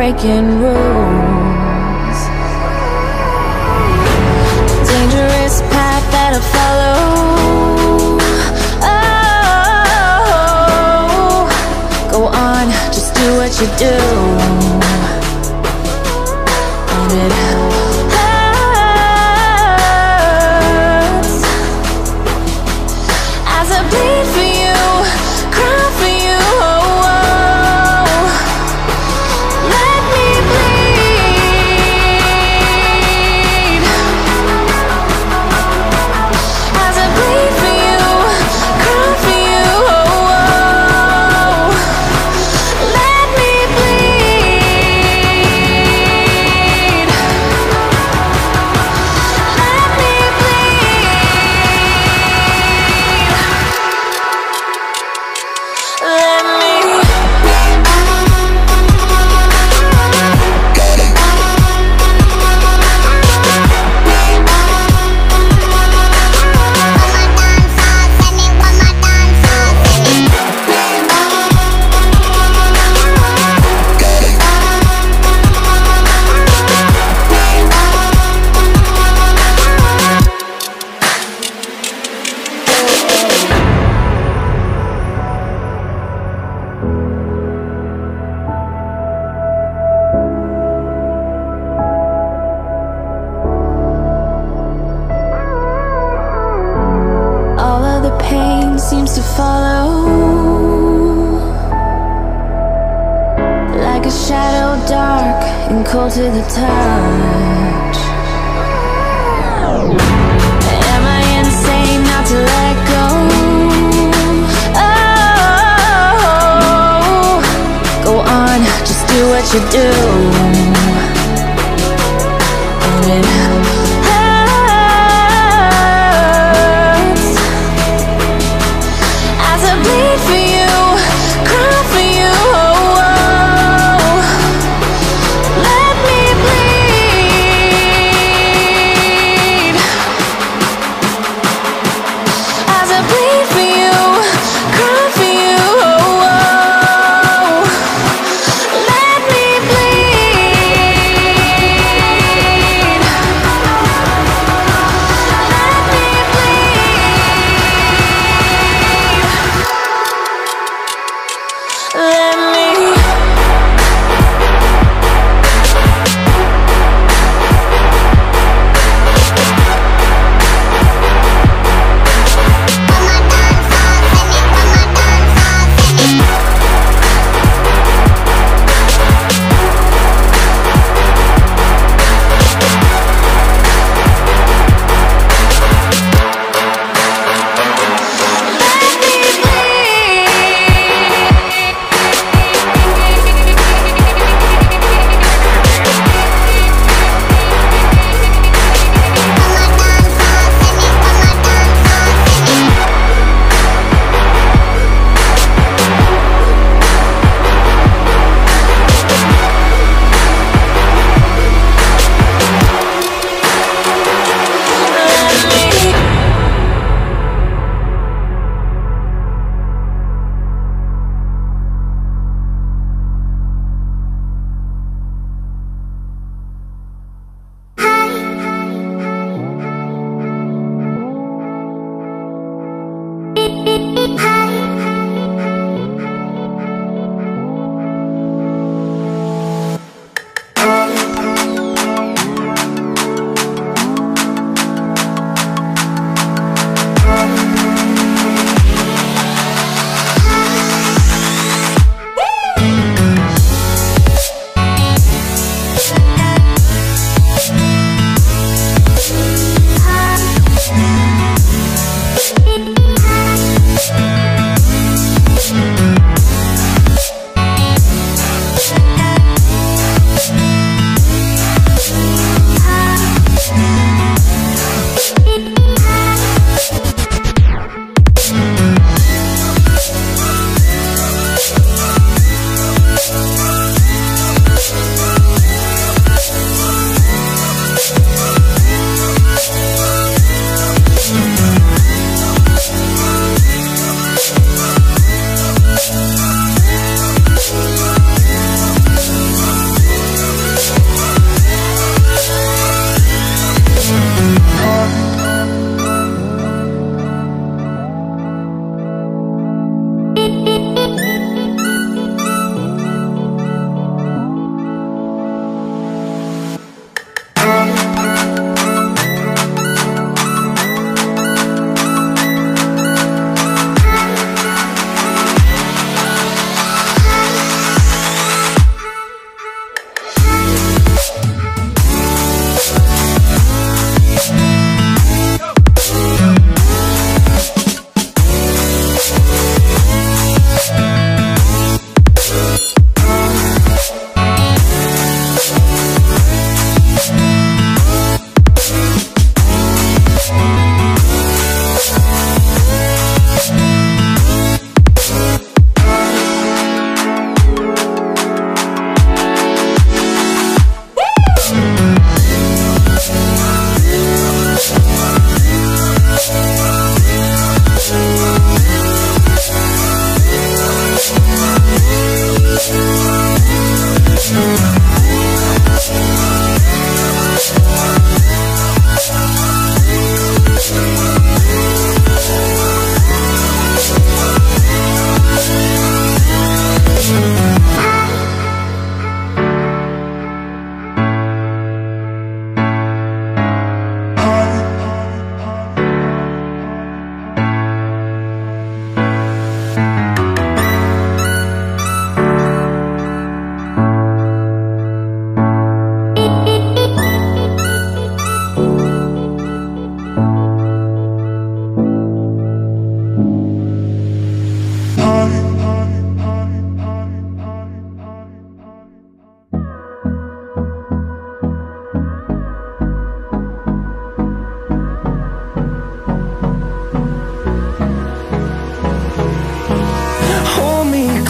breaking rules. Dangerous path that I follow. Oh, go on, just do what you do. you do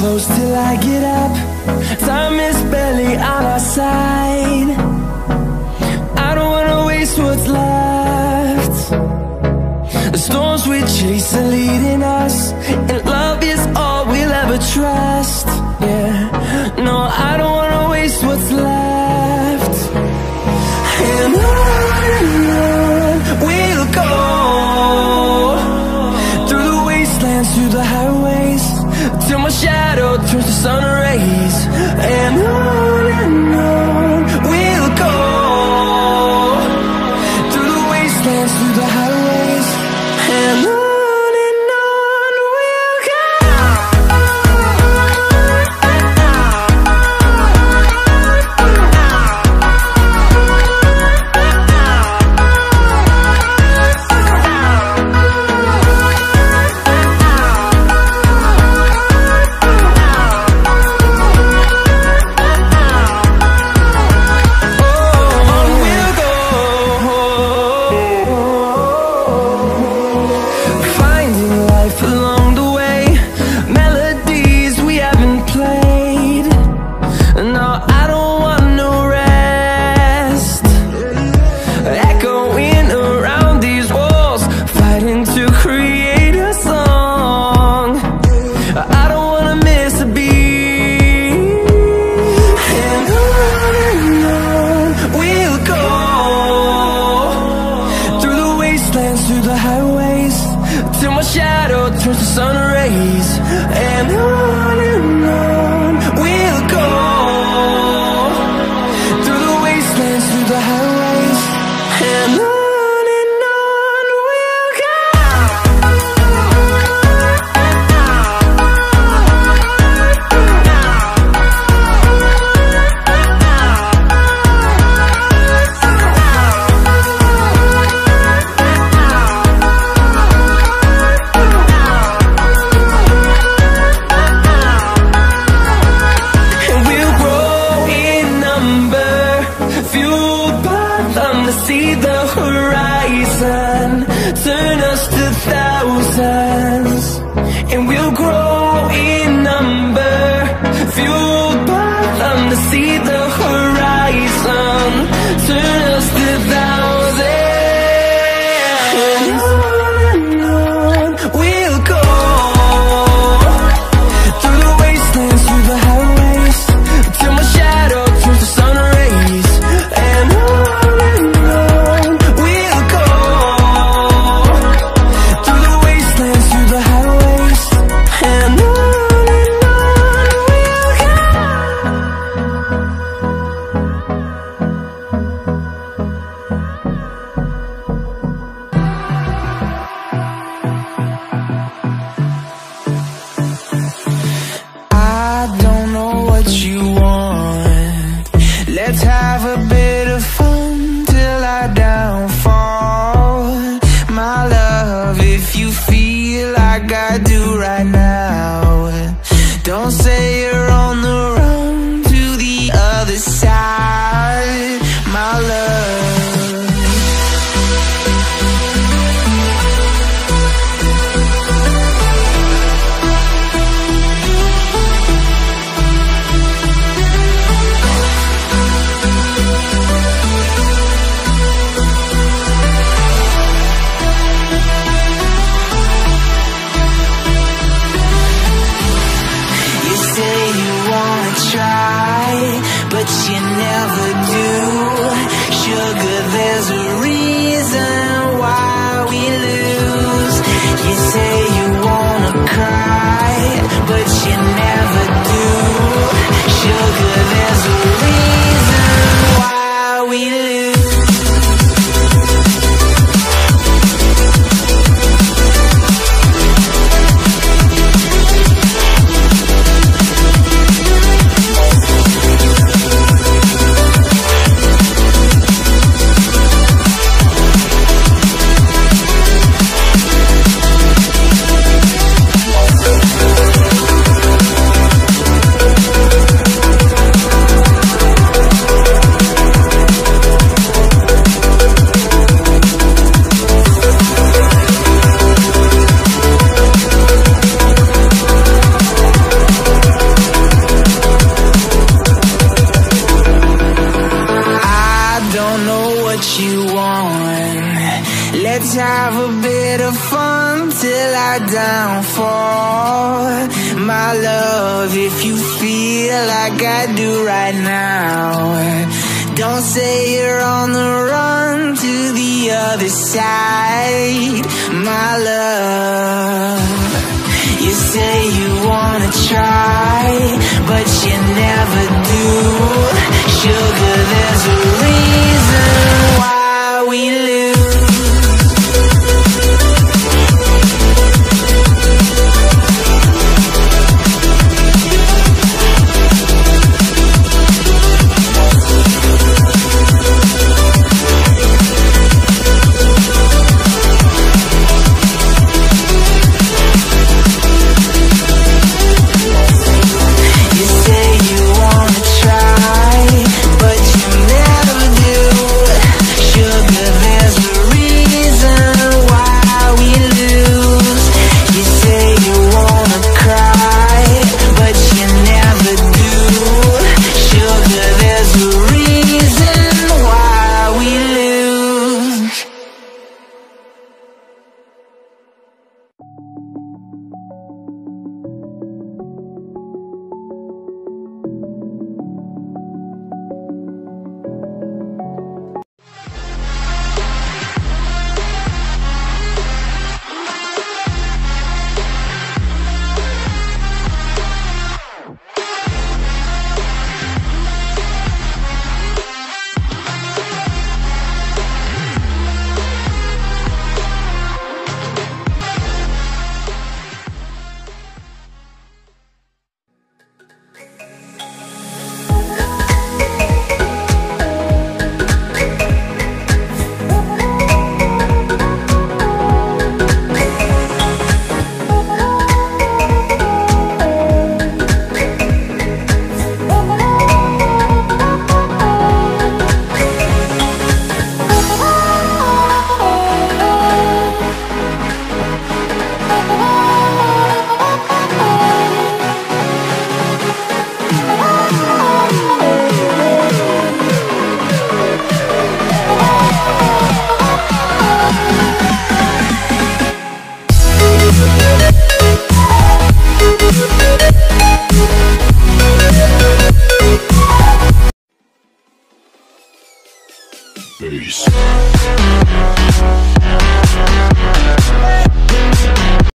close till I get up Time is barely on our side I don't wanna waste what's left The storms we chase are leading us And love is all we'll ever trust Yeah, no, I don't wanna waste what's left And on we'll go Through the wastelands, through the highway Till my shadow turns to sun rays And I Let's have a bit of fun till I downfall My love, if you feel like I do right now Don't say you're on the run to the other side My love You say you wanna try But you never do Sugar, there's a reason why we live